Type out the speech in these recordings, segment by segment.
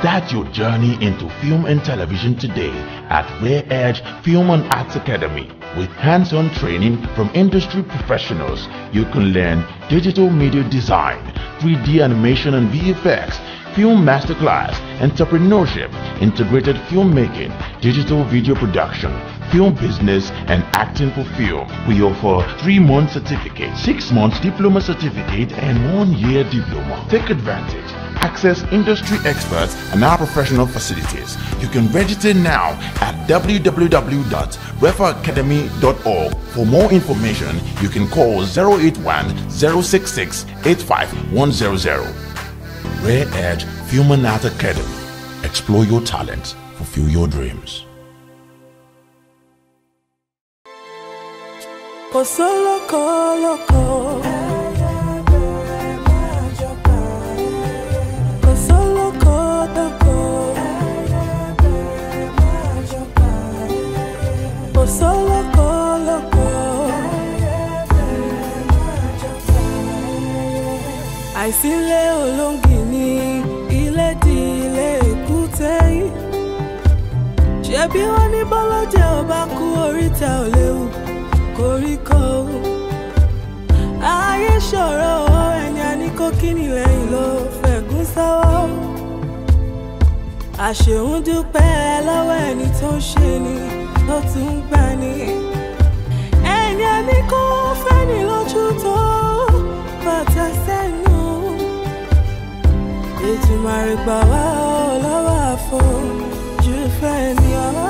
Start your journey into film and television today at Rare Edge Film and Arts Academy. With hands-on training from industry professionals, you can learn digital media design, 3D animation and VFX, film masterclass, entrepreneurship, integrated filmmaking, digital video production, film business and acting for film. We offer 3-month certificate, 6 month diploma certificate and 1-year diploma. Take advantage access industry experts and our professional facilities. You can register now at www.referacademy.org. For more information, you can call 081 066 85100. Rare Edge Human Art Academy. Explore your talents, fulfill your dreams. bí wọ́n ní bọ́lọ́jẹ́ ò bá kú oríta ò léwu koríko o ayé ṣòro o ẹni àníkó kíni lẹ́yìn ló fẹ̀gún sọ́wọ́ àṣehùn dúpẹ́ lọ́wọ́ ẹni tó ń ṣe ni ó tún ń gbà ní ẹni àníkó fẹ́ni lójú tó bàtà sẹ́nu ètùmọ̀ àrègbà wà ó lọ́wọ́ àfọ̀ jù fẹ́ mi ọ̀rọ̀.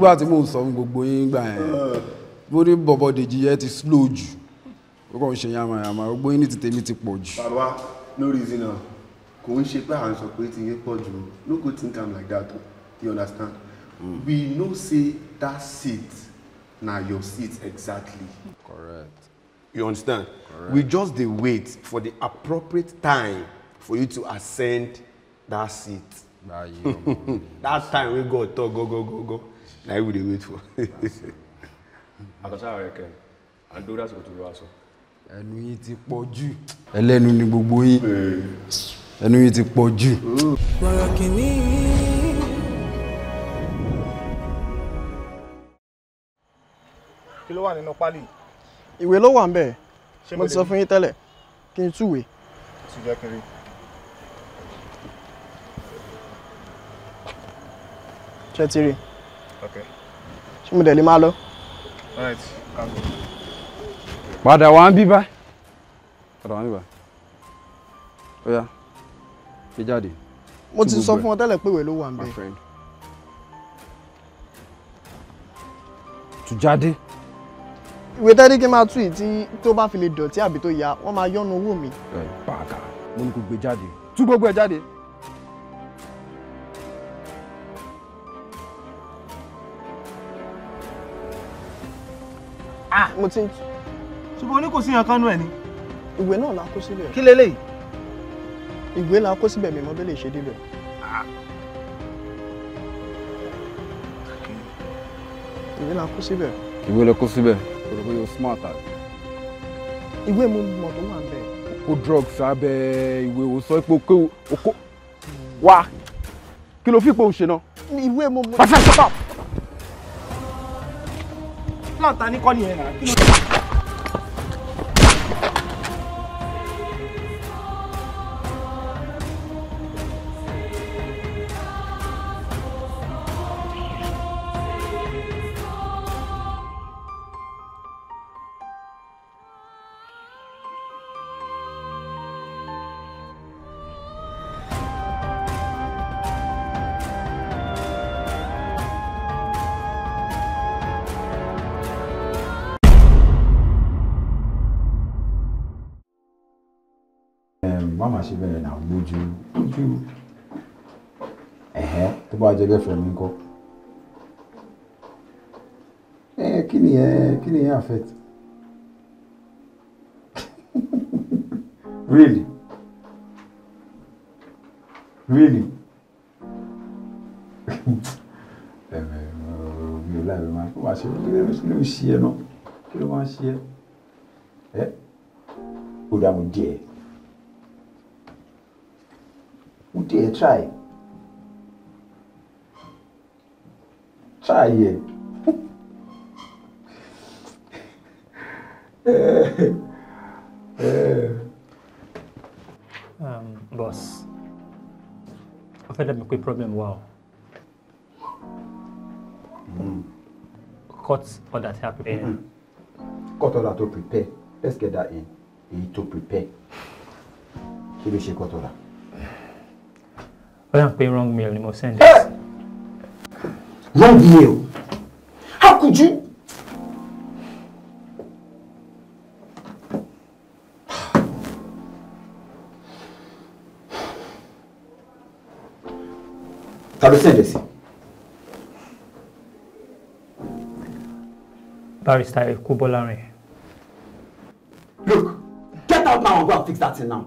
nígbà tí mò ń sọ gbogbo yín gbà yẹn mo ní bọ̀bọ̀ dèjì yẹn ti slow jù ó kàn ń ṣe yamayama gbogbo yín ní ti tèmi ti pọ̀ jù. bàbá no reason am kò ń ṣe pé à ń sọ pé ti yẹn pọ̀ jù no go think am like that o you understand mm. we know say that seat na your seat exactly. correct. you understand correct. we just dey wait for the appropriate time for you to ascend that seat. that time wey God talk go go go go na we dey wait for. àkàtà rẹ kẹ àdó dásìkò tó lọ wá sọ. ẹnu yìí ti pọ̀ jù. ẹlẹ́nu ni gbogbo yín ẹnu yìí ti pọ̀ jù. kí ló wà nínú pálí. ìwé ló wà ń bẹ̀ mo ti sọ fún yín tẹ́lẹ̀ kí n túwèé. sì kiri. ṣé ti rí i ṣé mo dẹ̀ malo. máa lọ. padà wá ń bí bá padà wá ń bí jáde. mo ti sọ fún ọ tẹ́lẹ̀ pé ìwé ló wà ń bẹ̀. tù jáde. ìwé tẹ́lẹ̀ kí n máa tú yìí tí tó bá fi lè dọ̀tí àbí tó ya wọ́n máa yọ́nu owó mi. bàgà mo ní kó gbé jáde tú gbogbo ẹ̀ jáde. Ah. mo ti ń tu. ṣùgbọ́n oní kò sí yan kánú ẹ̀ ni. ìwé náà la kó síbẹ̀. kí leléyìí. ìwé la kó síbẹ̀ mi mọ́ bí lè ṣe débẹ̀. Ah. ìwé la kó síbẹ̀. ìwé la kó síbẹ̀ kò lè bóyá o smart àti. ìwé mo mọ̀ tó wà ń bẹ̀. o kó drugs abẹ́ ìwé o sọ pé o kó o kó wá kí ló fi pé o ṣe náà. ìwé mo mọ̀. pàṣẹ stop plan ta ní kọ́ nìyẹn máa ṣe bẹ́ẹ̀ náà lójú ojú ẹ̀hẹ́ tó bá jẹ́ girlfriend mi ńkọ́ ẹ kí ni ẹ kí ni ẹ affect really really ẹ̀mẹ̀ mi ò láì máa kó máa ṣe kí ló ń ṣe ẹ náà kí ló máa ṣe ẹ ẹ ó dààmú díẹ̀ wo deɛ try try yɛ um, boss ɔfɛ dɛ mekɔ problem wa o mm. Mm-hmm. court order te a prepare mm -hmm. court order to prepare let's get that in èyí to prepare kí ló ṣe court order ó yàn pé wrong mail ni mo send it. wrong mail how could you. ta ló send it sí. barrister Ekubolanrin. look get out now and go and fix that thing now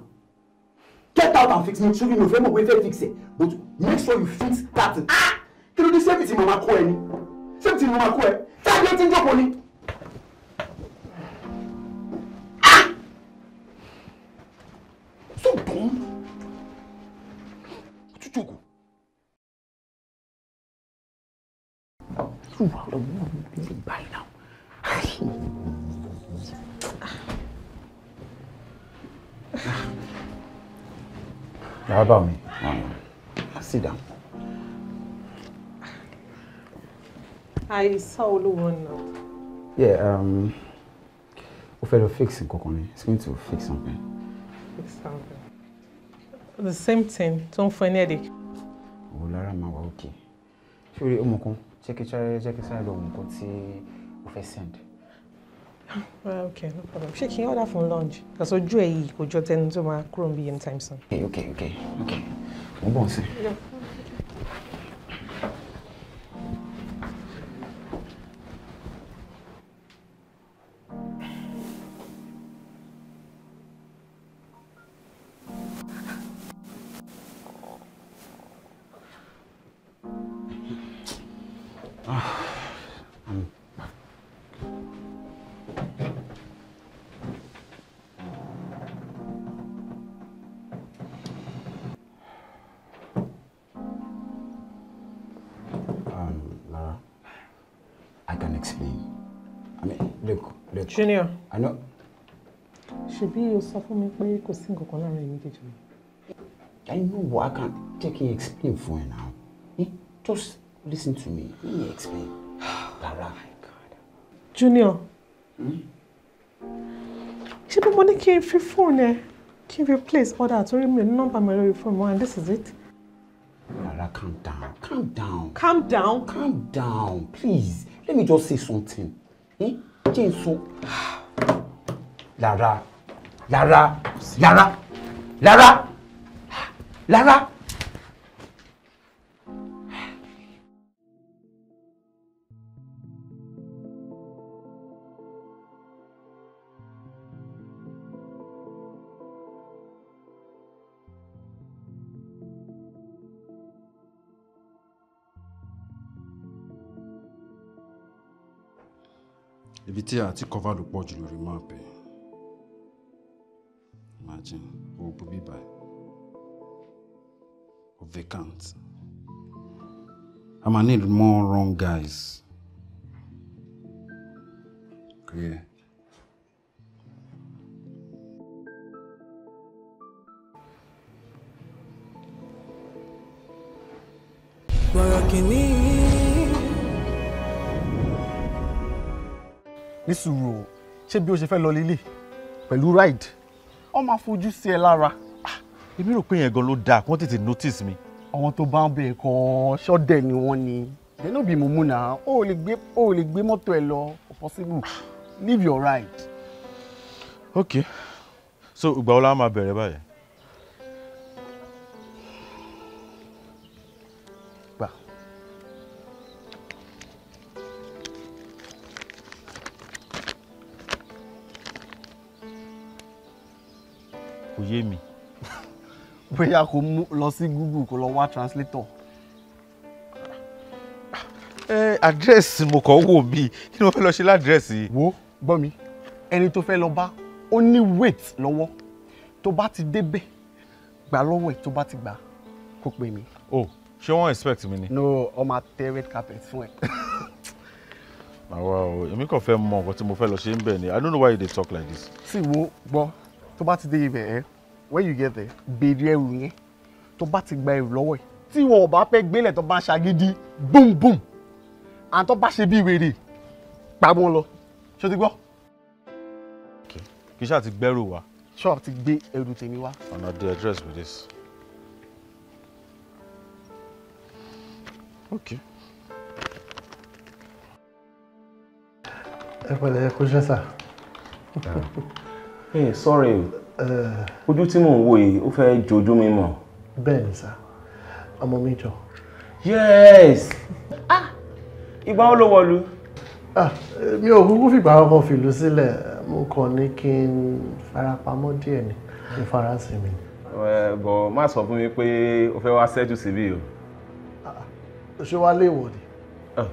out and fix mi children mi ò fẹ́ mọ̀ pé fix ẹ̀ but make sure you fix that ah kí ló dé sẹ́fìtì Mama kọ́ ẹ ni sẹ́fìtì Mama kọ́ ẹ táyé tí ń jókòó ni. about me? Um, sit down. I saw the one now. Yeah, um, ó fẹ́ lọ fix nǹkan It's going to fix something. Fix something. The same thing, tó ń fún ẹ ní headache. Ó lára máa wà okay. Ṣé o rí ọmọ kan? Check kí sáré lọ nǹkan tí o fẹ́ send. Well, ah, okay, no problem. Ṣé kí n order fún lunch? Kàṣọ ojú ẹ̀ yìí kò jọ tẹnu tó máa kúrò níbi time soon. Okay, okay, okay. Mo bọ̀ sí. Yeah. explain. I mean, look, look. Junior. I know. Ṣebí be sọ fún me? pé you sí nǹkan kan láàrin èmi I know but I can't take and explain for you now. Just listen to me. Let me explain. Rárá. Oh my God. Junior. Hmm? Ṣé bí mo ní kí n fi fóònù ẹ kí place order torí mi me number. My mi lórí fóònù this is it. Rárá calm down calm down. Calm down. Calm down please let me just say something eh? jẹ́ n sọ Lara Lara Lara Lara Lara ibi tí àti kọ́fà ló pọ̀ jù lórí máàpù ẹ̀ imagine gbogbo bíbá ẹ̀ vacant I ma need more wrong guys Okay. Yeah. kìíní ní sùúrù o ṣé bí o ṣe fẹ́ lọ lílé pẹ̀lú ride ọ máa fojú sí ẹ lára. Ah, èmi rò pé yẹn gan ló dáa kí wọ́n tètè notice mi. àwọn tó bá ń bẹ̀ kan ṣọ́dẹ̀ ni wọ́n ni dẹ́nu bí mo mú nà ó lè gbé ó lè gbé mọ́tò ẹ lọ kò possible ah. leave your ride. ok so ìgbà wo la máa bẹ̀rẹ̀ báyìí. yé mi. bóyá kò mú lọ sí Google kó lọ wá translator. ẹ àdírẹ́sì mo kàn wò mí kí ni mo fẹ́ lọ ṣe ládírẹ́sì. wo gbọ́ mi ẹni tó fẹ́ lọ bá ó ní wait lọ́wọ́ tó bá ti débẹ̀ gbà lọ́wọ́ ẹ̀ tó bá ti gbà kó pè mí. o ṣé wọ́n expect mi ni. no ọmọ atẹ red carpet fún ẹ. àwa o èmi kàn fẹ́ mọ nǹkan tí mo fẹ́ lọ ṣe ń bẹ̀ ni i don't know why you dey talk like this. sì wo gbọ́ tó bá ti dé ibẹ̀ ẹ́ when you get there béèrè ẹrù yẹn tó bá ti gba ẹrù lọ́wọ́ ẹ̀ tí ìwọ ò bá fẹ́ gbélẹ̀ tó bá ṣàgídí boom boom And tó bá ṣe bí wèrè pamọ́ lọ ṣé o ti gbọ́. kì í ṣáà ti gbẹ́rù wá. ṣọ́ọ̀ ti gbé ẹrù tèmi wá. ọ̀nà the address with this. okay. ẹ pẹ̀lẹ́ ẹ kó ṣe sà. sorry. Eh, ojú tí mò ń wò yìí ó fẹ́ jojú mi mọ̀. bẹ́ẹ̀ sá ọmọ mi jọ. yes ah ìgbà wo ló wọlú. ah mi ò kúkú fìgbà ọkọ fìlú sílẹ̀ mo kàn ní kí n farapamọ́ díẹ̀ ní ìfarasí mi. ẹ eh, bọ̀ má sọ fún mi pé o fẹ́ wá ṣẹ́jú síbí o. Ah, ṣé wàá lè wọ̀ ni. Ah,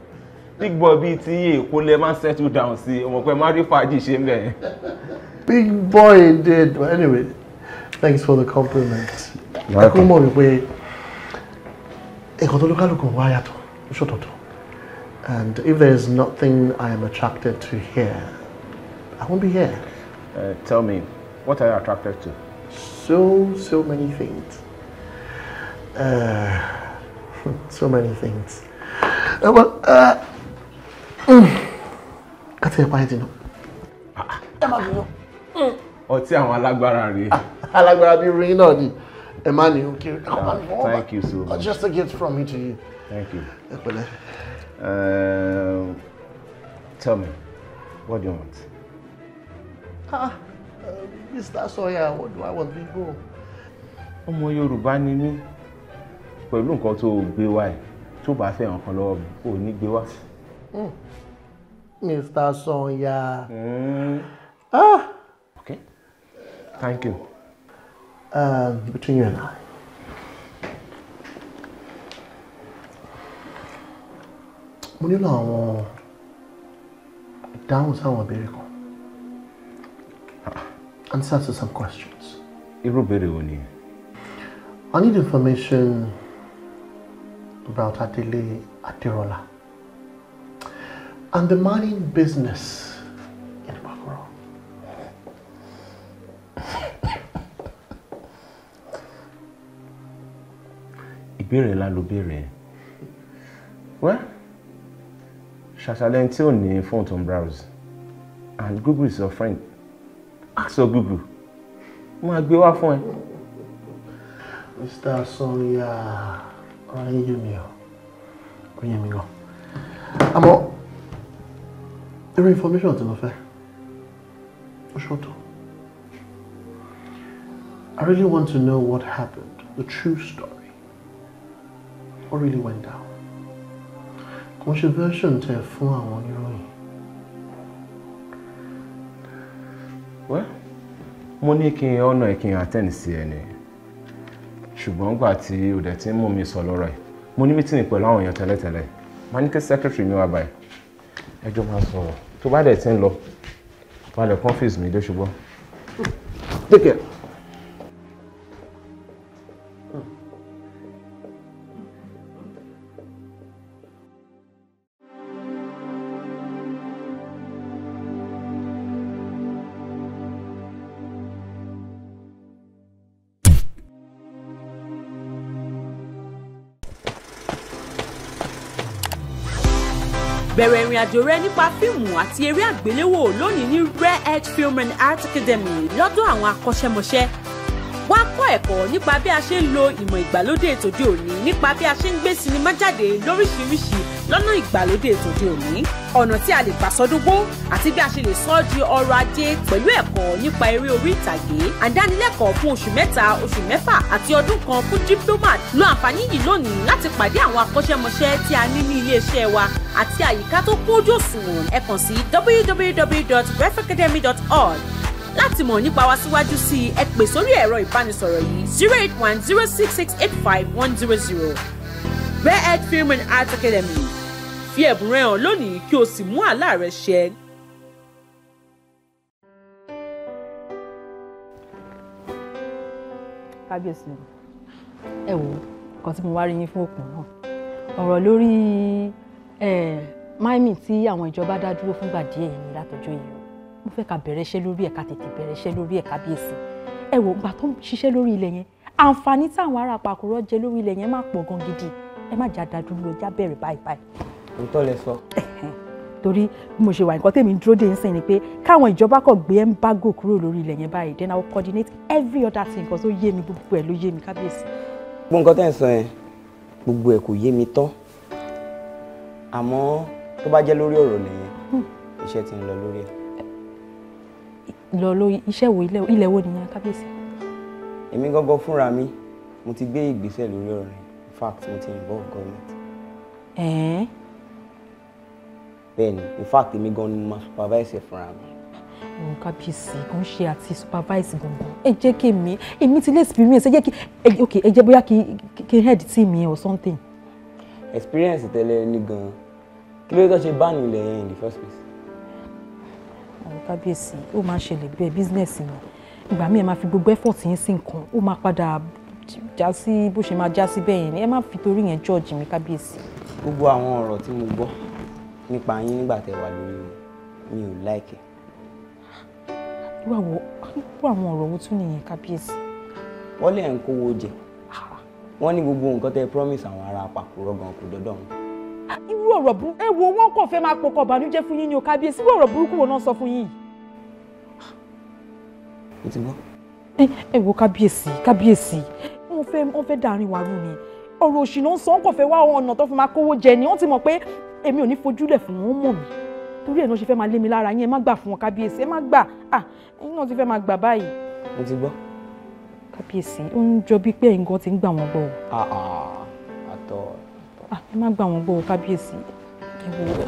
big boy bíi ti èkó lẹ máa ń settle down sí ọmọ pé má rí fàájì ṣe ń bẹ̀ yẹn. big boy indeed. But anyway, thanks for the compliment. ẹ tó and if there is nothing I am attracted to here, I won't be here. Uh, tell me, what are you attracted to? So, so many things. Uh, so many things. Uh, well, uh, mm, I tell you why I didn't know. you ọtí àwọn alágbára rèé. Ah, alágbára bíi rin náà ni ẹ má ah, thank you so oh, much just a gift from me to you. thank you. ẹ Uh, tell me what do you want. ah uh, um, Mr. Sawyer what do I want to go. ọmọ Yorùbá ni mí pẹ̀lú nǹkan tó gbé wá ẹ̀ tó bá fẹ́ nǹkan lọ́wọ́ mi ò ní gbé wá. Mr. Hmm. Sawyer. Mm. ah. Thank you. Um, between you and I, mo nílò àwọn ìdáhùn sáwọn ìbéèrè kan. Answer to some questions. Irú ìbéèrè wo ni? I need information about Adele Aderola and the mining business. ìbéèrè ńlá ló béèrè yẹn wẹ́ ṣàṣàlẹ̀ tí ò ní fóònù tó browse and Google is your friend ask ah, your Google máa gbé wá fún ẹ. Mr. Sonia ọ̀rọ̀ yín yé mi o kò yé mi àmọ́ irú information tí mo fẹ́ ó ṣọ́tọ̀. I really want to know what happened, the true story ó really went down kò ṣe version tẹ fún àwọn oníròyìn. wẹ́ mo ní kí n ọ̀nà ìkíni àtẹ̀ǹd sí ẹni ṣùgbọ́n gbà tí òde tí ń mú mi sọ lọ́rọ̀ ẹ̀ mo ní mítìnì pẹ̀lú àwọn èèyàn tẹ́lẹ̀tẹ́lẹ̀ máa ní kí sẹ́kẹ́tìrì mi wá báyìí ẹjọ́ máa sọ̀rọ̀ tó bá dẹ̀ ti ń lọ balẹ̀ kọ́fíìsì mi dé ṣùgbọ́n. take care. Bẹ̀rẹ̀ ìrìnàjò rẹ nípa fíìmù àti eré àgbéléwò lónìí ní Rare Edge Film and Art Academy lọ́dọ̀ àwọn akọ́ṣẹ́mọṣẹ́. Wá kọ́ ẹ̀kọ́ nípa bí a ṣe ń lo ìmọ̀ ìgbàlódé tòde òní nípa bí a ṣe ń gbé sinimá jáde lóríṣiríṣi lọ́nà ìgbàlódé tòde òní ọ̀nà tí a lè gbà sọdúngbó àti bí a ṣe lè sọ ọ́ di ọrọ̀ ajé pẹ̀lú ẹ̀kọ́ nípa eré orí ìtàgé àdánilẹ́kọ̀ọ́ fún oṣù mẹ́ta oṣù mẹ́fà àti ọdún kan fún diplomat lo àǹfààní yìí lónìí láti pàdé àwọn akọ́ṣẹ́mọṣẹ́ tí a ní ní iléeṣẹ́ wa àti àyíká tó kójú òṣùwọ̀n ẹ kàn sí www.refacademy.org láti mọ̀ nípa wa síwájú sí ẹ pè sórí ẹ̀rọ ìbánisọ̀rọ̀ yìí zero eight one zero six six eight five one zero zero Rare Earth Film and Art Academy fi ẹ̀bùn rẹ hàn lónìí kí o sì mú àlá rẹ ṣẹ. kábíyèsí ẹ wo nǹkan tí mo wá rí yín fún òkun náà ọ̀rọ̀ lórí máìmì tí àwọn ìjọba dá dúró fúngbà díẹ̀ yìí látọjọ́ yìí mo fẹ́ ká bẹ̀rẹ̀ iṣẹ́ lórí ẹ̀ ká tètè bẹ̀rẹ̀ iṣẹ́ lórí ẹ̀ kábíyèsí ẹ wo ìgbà tó ń ṣiṣẹ́ lórí ilẹ̀ yẹn àǹfààní táwọn ará Pàkúrọ̀ jẹ lórí ilẹ̀ yẹn má pọ̀ gan gidi ẹ má jà dá dúró ẹ já bẹ̀rẹ̀ báyìí báyìí òótọ́ lẹ sọ. torí bí mo ṣe wà nǹkan tèmi dúró dé nsìn ni pé káwọn ìjọba kò gbé embargo kúrò lórí ilẹ̀ yẹn báyìí then i will coordinate every other thing nǹkan tó yé mi gbogbo ẹ̀ ló yé mi kábíyèsí. gbogbo nǹkan tẹ́ ń sọ yẹn gbogbo ẹ̀ kò yé mi tán àmọ́ tó bá jẹ́ lórí ọ̀rọ̀ nìyẹn hmm. iṣẹ́ ti ń lọ lórí ẹ̀. lọ lórí iṣẹ́ wo ilẹ̀ wo nìyẹn kábíyèsí. èmi gángan fúnra mi mo ti gbé ìgbésẹ̀ lórí ọ̀rọ̀ in fact mo ti involve government. ẹ̀ẹ́n bẹ́ẹ̀ni in fact èmi gan ni supervise ẹ fúnra mi. òun kábíyèsí kò ń ṣe àti supervise gangan ẹ jẹ́ kí èmi èmi ti lè experience ẹ jẹ́ kí ok ẹ jẹ́ bóyá kí kí head tí mi or something. experience tẹ́lẹ̀ ní gan-an kí ló dé tó ṣe báàlù ilẹ̀ yẹn in the first place. òun kábíyèsí ó máa ń ṣẹlẹ̀ bẹ́ẹ̀ business ni ìgbà míì ẹ máa fi gbogbo effort yín sí nǹkan ó máa padà já sí bó ṣe máa já sí bẹ́ẹ̀ yẹn ẹ má fi torí yẹn judge mi kábíyèsí. gbogbo àwọn ọ̀rọ̀ tí mo gbọ́ nípa yín nígbà tẹ́ wà lórí mi mi ò láìkẹ. irú àwọn ọ̀rọ̀ wo tún nìyẹn kábíyèsí. wọ́n lè ń kówó jẹ wọ́n ní gbogbo nǹkan tẹ́ promise àwọn ará àpapọ̀ gan kò dọ́dọ̀ wọn. irú ọ̀rọ̀ burúkú ẹ wo wọn kàn fẹ́ máa pokọ̀ bànújẹ́ fún yín ni o kábíyèsí irú ọ̀rọ̀ burúkú wo náà sọ fún yín. mo ti gbọ́. ẹ wo kábíyèsí kábíyèsí wọ́n fẹ́ wọ́n fẹ́ dàrin wàrú ni ọ̀rọ̀ òṣì náà sọ wọ́n kàn fẹ́ wá ọ̀nà tó fi máa kówó jẹ ni wọ́n ti mọ̀ pé èmi ò ní fojúlẹ̀ fún wọn mọ̀ mí torí ẹ̀ náà ṣe fẹ́ máa lé mi lára yín ẹ má gbà fún wọn kábíyèsí ẹ má gbà ah ẹ̀yin náà ti fẹ́ máa gbà báyìí. mo ti gbọ́. kábíyèsí ó ń jọ bíi pé nǹkan ti ń gbà wọ́n gbọ́ o. Ah, ah, àtọ. ẹ má gbà wọ́n gbọ́ o kábíyèsí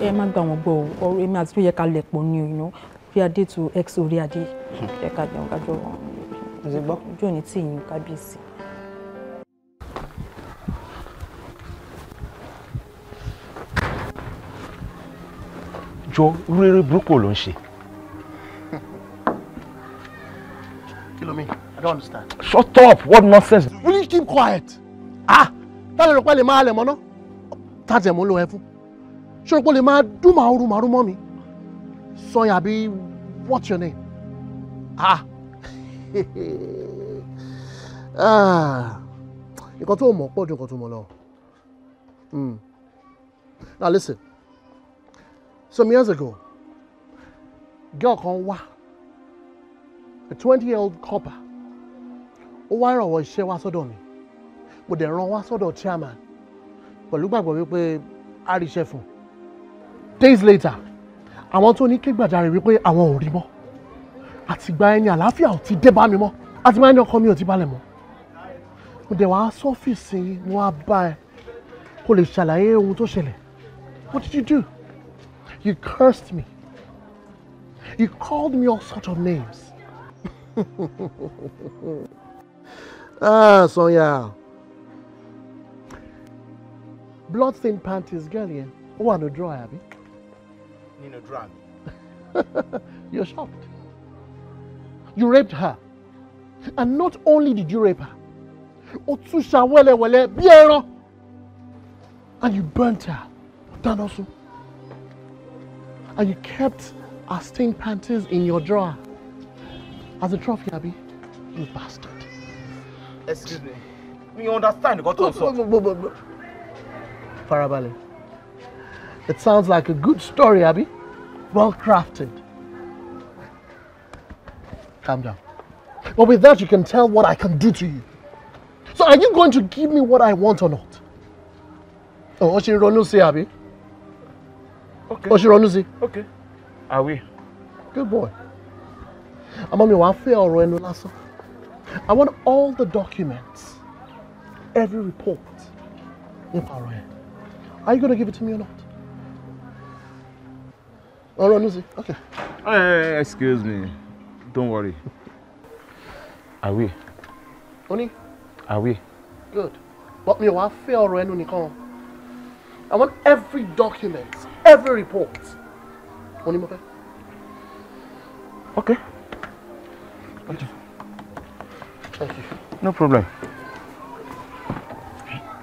ẹ má gbà wọ́n gbọ́ o ọ̀rọ̀ èmi àti tó yẹ ká lẹ̀ pọ̀ ni òyìnbó orí adé to x orí adé yẹ hmm. ká jẹun ká jọ wọn. mo ti gbọ́. ojú ò ní tì yín kábíyèsí. jọ rere burúkú ló ń ṣe. kí i don't understand. shut up what nonsense. will you keep quiet. ah táwọn olùkọ́ lè máa lẹ̀ mọ́ náà táàtì ẹ̀ mọ́ ló ẹ fún ṣé olùkọ́ lè máa dún màá rú màá rú mọ́ mi sọyìn àbí what's your name. ah nǹkan tó mọ̀ pọ̀ ju nǹkan tó mọ̀ lọ. Hmm. now listen some years ago, girl kan wá a twenty year old copper ó was she was iṣẹ́ but sọ́dọ̀ mi mo dẹ̀ ràn wá sọ́dọ̀ chairman pẹ̀lú gbàgbọ́ wípé we rí iṣẹ́ fún days later I want to kégbàjarè wípé àwọn ò rí mọ́ àtìgbà ẹni àlàáfíà ò ti dé bá mi mọ́ àti máa ń ní ọkọ mi ò ti balẹ̀ mọ́ mo dẹ̀ wá sọ́fíìsì wọn á bá ẹ kó lè ṣàlàyé ohun what did you do? You cursed me. You called me all sorts of names. ah, Sonia. Bloodstained panties, girl, yeah. Oh, I no draw, Abby. You no draw You're shocked. You raped her. And not only did you rape her, And you burnt her. That also. And you kept our stained panties in your drawer. As a trophy, Abby, you bastard. Excuse me. We understand nǹkan tó ń sọ. Farabalẹ̀. It sounds like a good story, Abby. Well crafted. Calm down. But with that, you can tell what I can do to you. So are you going to give me what I want or not? Oh, ó ṣe ronú Abby. Okay. ṣe okay I will. good boy àmọ́ mi wàá fẹ́ ọ̀rọ̀ ẹnu lásán I want all the documents every report nípa ọ̀rọ̀ yẹn are you gonna give it to me or not? ọ̀rọ̀ okay. Uh, excuse me don't worry I will. Oni? I will. Good. But mi wàá fẹ́ ọ̀rọ̀ ẹnu nìkan. I want every document every report wọ́n ní okay. okay. thank you. no problem.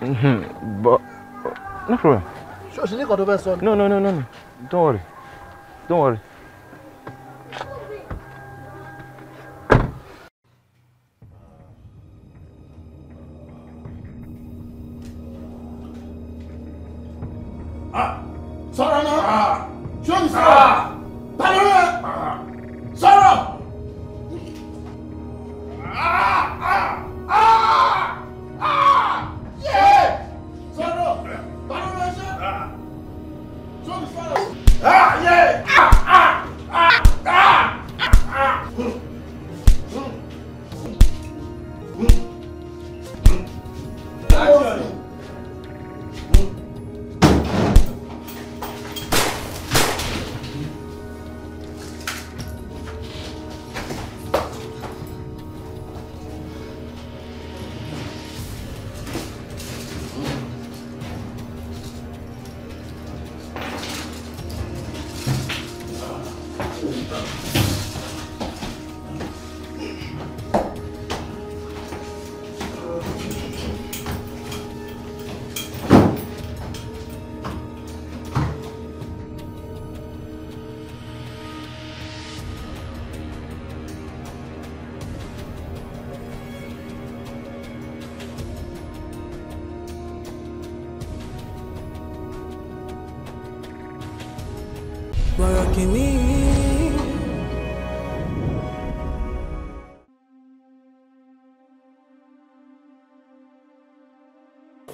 Mm-hmm. but uh, no problem. ṣé o ṣe ní kan tó fẹ́ sọ no no no no don't worry don't worry.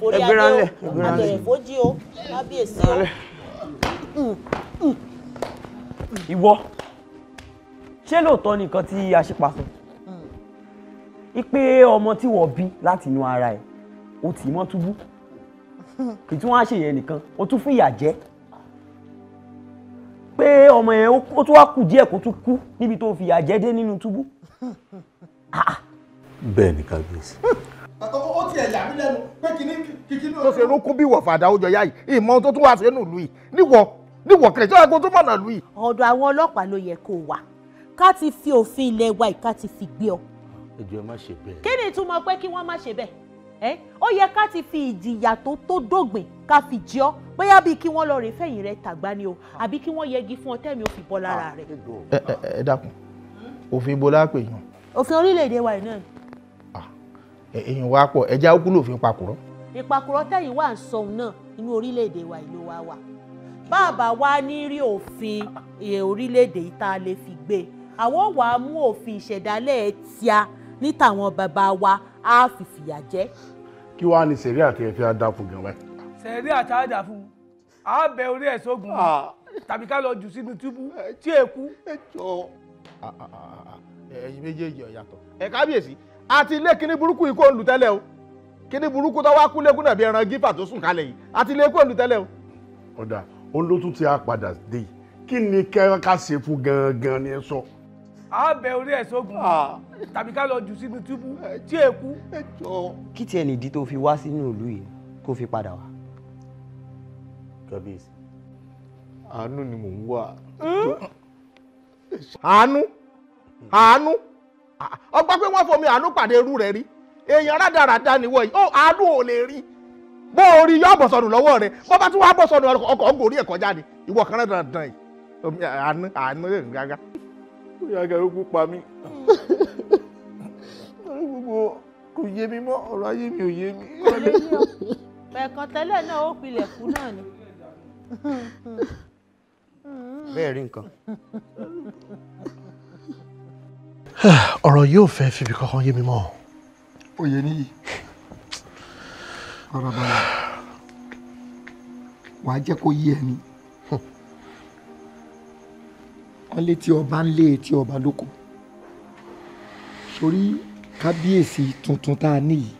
orí adé o àtẹ̀rẹ̀fọ́jì o kábíyèsí o. Mm, mm. ìwọ ṣé lóòótọ́ nìkan tí a ṣe pàṣẹ mm. ipe ọmọ tí wọ́n bí láti inú ara ẹ̀ o tì í mọ́ túbú kì í tún wá ṣèyẹn nìkan o tún fún ìyà jẹ pé ọmọ yẹn ó tún wá kù díẹ̀ kó tún kú níbi tó fi ìyà jẹ dé nínú túbú. Ah, ah. bẹ́ẹ̀ ni kábíyèsí. tiẹ̀ yà mí lẹ́nu pé kíní kíkí ní. tó ṣe ló kú bí ìwọ̀ fàdà ó jọ yá yìí ìmọ̀ tó tún wà sínú ìlú yìí níwọ̀ níwọ̀ kẹ̀jọ́ àgbo tó mọ̀nà ìlú yìí. ọ̀dọ̀ àwọn ọlọ́pàá ló yẹ kó wà ká ti fi òfin ilé wa yìí ká ti fi gbé ọ. ẹ jọ̀ọ́ ẹ má ṣe bẹ́ẹ̀. kí ni ìtumọ̀ pé kí wọ́n má ṣe bẹ́ẹ̀ ẹ ó yẹ ká ti fi ìjìyà tó tó dògbìn ká fi jẹ ọ bóyá bíi kí wọ́n lọ rè fẹ̀yìn rẹ tàgbá ni o àbí kí wọ́n yẹgi fún ọ tẹmí ó fi bọ́ lára rẹ. Ah, ẹ ẹ dákun òfin ibo lápè yàn. òfin orílẹ̀-èdè wa yìí náà èyàn wá pọ̀ ẹja ó kúlò fún ìpakùrọ̀. ìpakùrọ̀ tẹ̀yìn wà ń sọ̀hún náà inú orílẹ̀-èdè wa ìlú wa wà bàbá wa ní rí òfin orílẹ̀-èdè yìí tá a lè fi gbé àwọn wàá mú òfin ìṣẹ̀dálẹ̀ tíá ní tàwọn bàbá wa á fi fìyà jẹ. kí wàá ní sẹ̀rí àti ẹ̀fẹ́ àdá fún gan báyìí. sẹ̀rí àti àdá fún a bẹ orí ẹ̀ sógun ah. tàbí ká lọ jù sínú túbú tí èkú. ẹ jọ ah, ah, ẹyin méjèèjì ó yàtọ̀ ẹ kábíyèsí àti ilé kíní burúkú yìí kò ń lu tẹ́lẹ̀ o kíní burúkú tó wá kú lẹ́kùn náà bí ẹran gífà tó sùn kalẹ̀ yìí àti ilé kò ń lu tẹ́lẹ̀ o. ọ̀dà ó ló tún ti á padà dé yìí kí ni ká ṣe fún gangan ni ẹ sọ. a bẹ orí ẹ sógun ah. tàbí ká lọ jù sínú túbú tí ẹ kú. kí tiẹ̀ nìdí tó fi wá sínú ìlú yìí kó fi padà wá. kábíyèsí àánú ni mò ń wá. Hm? àánú àánú. ọgbà pé wọ́n fomi àánú pàdé irú rẹ̀ rí èèyàn rádaràda nìwọ yìí ó àánú ò lè rí bó o rí yọ bọ̀ sọnù rẹ bó bá tún wá ọkọ sọnù ọkọ̀ orí jáde ìwọ kan yìí àánú àánú ó ni ọ̀rọ̀ yóò fẹ́ fi ibi kankan yé mi mọ́. oyè níyì ọ̀rọ̀ bàbá wàá jẹ́ kó yé ẹni wọ́n létí ọba ń lé etí ọba lóko sórí kábíyèsí tuntun tá a ní yìí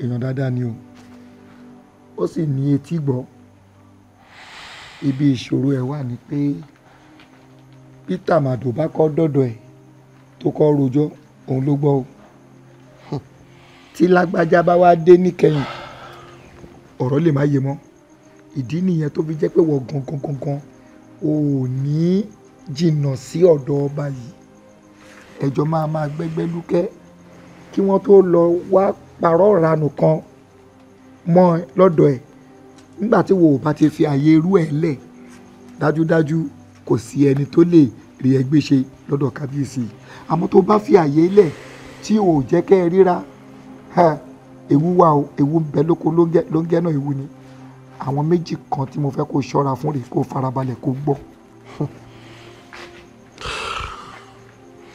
èèyàn dáadáa ni o ó sì ní etí gbọ́ ibi ìṣòro ẹ̀ wà ní pé. Pe peter madu bá kọ́ dọ́dọ̀ ẹ̀ tó kọ́ rojọ́ òun ló gbọ́ o tí lágbájá bá wá dé níkẹyìn ọ̀rọ̀ lè má yé mọ́ ìdí nìyẹn tó fi jẹ́ pé wọ́n gangan gangan ò ní jìnnà sí ọ̀dọ̀ ọba yìí ẹjọ́ máa máa gbẹ́gbẹ́ lúkẹ́ kí wọ́n tó lọ wá parọ́ ranù kan mọ́ lọ́dọ̀ ẹ̀ nígbà tí wo ò bá ti fi àyè irú ẹ̀ lẹ̀ dájúdájú kò sí ẹni tó lè rí ẹgbẹ́ ṣe lọ́dọ̀ kábíyèsí àmọ́ tó bá fi àyè lẹ̀ tí ò jẹ́ kẹ́ ẹ ríra ewu wà o ewu ń bẹ lóko ló ń gẹ́ náà ewu ni àwọn méjì kan tí mo fẹ́ kó ṣọ́ra fún rẹ̀ kó farabalẹ̀ kó gbọ́.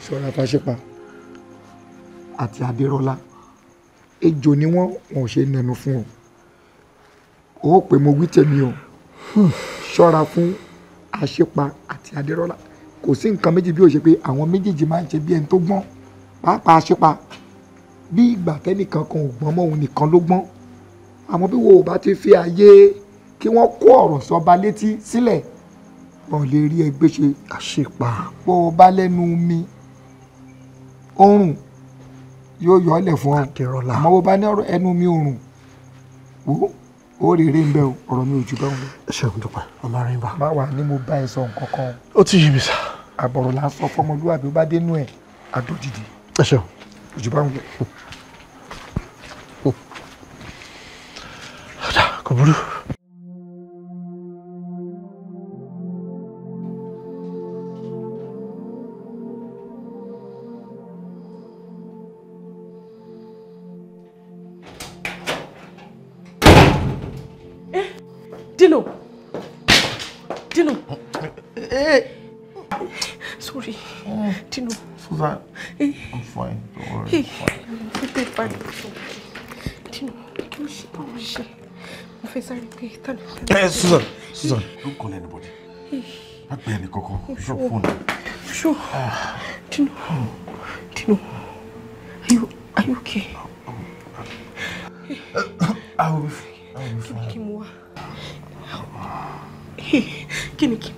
ṣọ́ra fàṣípà àti adérọ́lá ejò ni wọ́n wọn ò ṣe nẹnu fún o ó pè mo wí tèmi o ṣọ́ra fún àṣepa àti adérọ́lá kò sí nǹkan méjì bí ó ṣe pé àwọn méjèèjì máa ń ṣe bí ẹni tó gbọ́n pàápàá àṣepa bí ìgbà tẹ́nìkan kan ò gbọ́n mọ́ òun nìkan ló gbọ́n àmọ́ bí wo ò bá ti fi àyè kí wọ́n kó ọ̀rọ̀ sọba létí sílẹ̀ wọn lè rí ẹgbẹ́ ṣe. àṣepa. bó o bá lẹ́nu mi oorun yóò yọ ọ́ lẹ̀ fún ọ àmọ́ bó o bá ní ẹnu mi oorun wò ó ó rí eré ń bẹ o ọ̀rọ̀ mi ò jù bẹ́ẹ̀ lọ. ẹ ṣeun dúpẹ́ ọmọ rẹ ń bá. má wàá ní mo bá ẹ sọ nǹkan kan. ó ti yí mi sá. àbọ̀rọ̀ là sọ fọmọlúwàbí ó bá dénú ẹ̀ àdójìdì. ẹ ṣeun. òjò bá ń wọ. kò burú. sáré pé tani. ẹ Susan Susan don't call anybody má pè ẹnì kankan yóò phone. sure ah. Tino, Tino. are you are you okay. I ah, will be fine. I will be fine. kí ni kí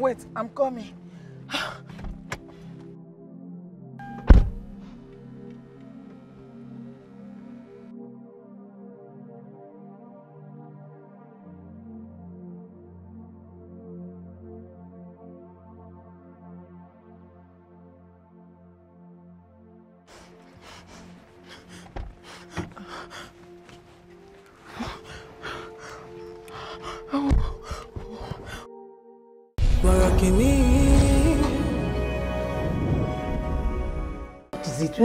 Wait, I'm coming.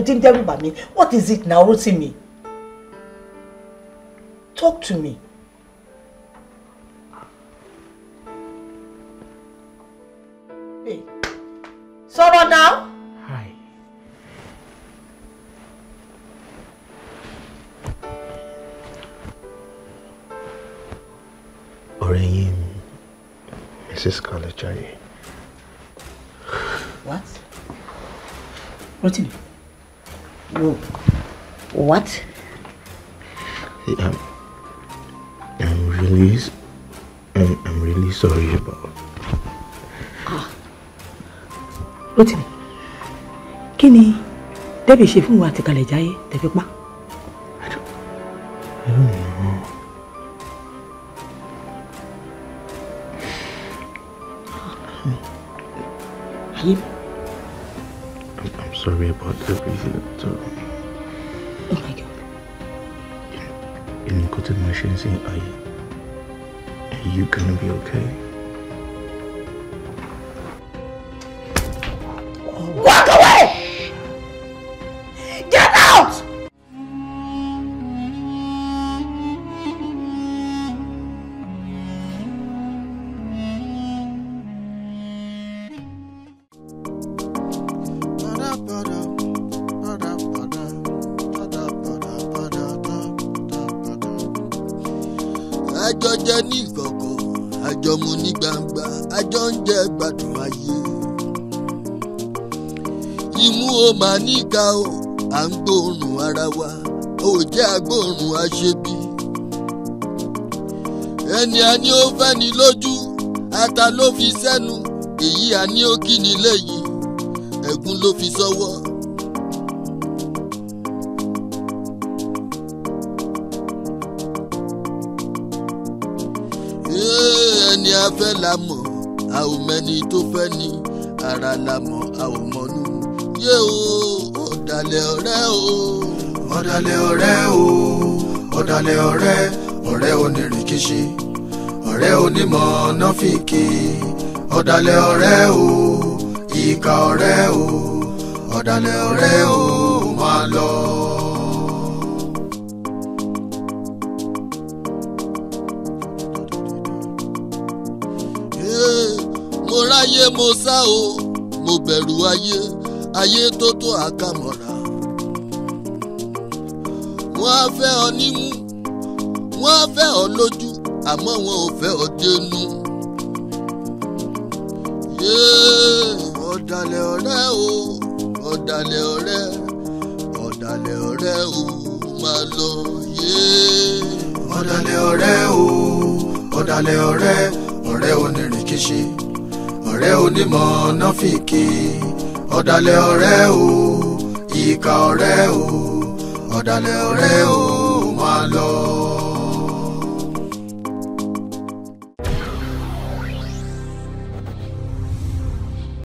ti ń dẹ́rù what is it now Rotimi talk to me. Hey. sọ̀rọ̀ now. Hi. ọ̀rẹ́ yín Mrs. Kalajaye. What? Rotimi. What? I'm, um, I'm really, I'm, I'm really sorry about. Ah. Kini, kí ni Debbie ṣe fún wa àtìkalẹ̀ jáyé tẹ̀fipá? about everything at all. Oh my God. You, you in, are you gonna be okay? jẹ ní ìkọ̀kọ̀ àjọ mu ní gbangba àjọ ń jẹ gbádùn ayé. imú o máa níka o à ń gbóòórùn ara wa ò jẹ́ agbóòórùn aṣebi. ẹni a ní ó fẹ́ni lójú ata ló fi sẹ́nu èyí a ní ó kí ni lẹ́yìn ẹ̀gún ló fi sọ́wọ́. la mọ̀ a ò mẹ́ni tó fẹ́ ni ara la mọ̀ a ò mọ̀nú. yé o ọ̀dàlẹ̀ ọ̀rẹ́ o. ọ̀dàlẹ̀ ọ̀rẹ́ o ọ̀dàlẹ̀ ọ̀rẹ́ ọ̀rẹ́ onírìkíṣí ọ̀rẹ́ onímọ̀ nọ́fìkì ọ̀dàlẹ̀ ọ̀rẹ́ o ìkà ọ̀rẹ́ o ọ̀dàlẹ̀ ọ̀rẹ́ o máa lọ. mo sá o mo bẹ̀rù ayé ayé tó tó àkàmọ̀ra. wọ́n á fẹ́ ọ nímú wọ́n á fẹ́ ọ lójú àmọ́ wọn ò fẹ́ ọ dénú. ọ̀dàlẹ̀ ọ̀rẹ́ o ọ̀dàlẹ̀ ọ̀rẹ́ ọ̀dàlẹ̀ ọ̀rẹ́ o máa lọ yé. ọ̀dàlẹ̀ ọ̀rẹ́ o ọ̀dàlẹ̀ ọ̀rẹ́ ọ̀rẹ́ onírìkíṣí ọ̀rẹ́ onímọ̀ nọ́fìkì ọ̀dàlẹ̀ ọ̀rẹ́ o ìkà ọ̀rẹ́ o ọ̀dàlẹ̀ ọ̀rẹ́ o máa lọ.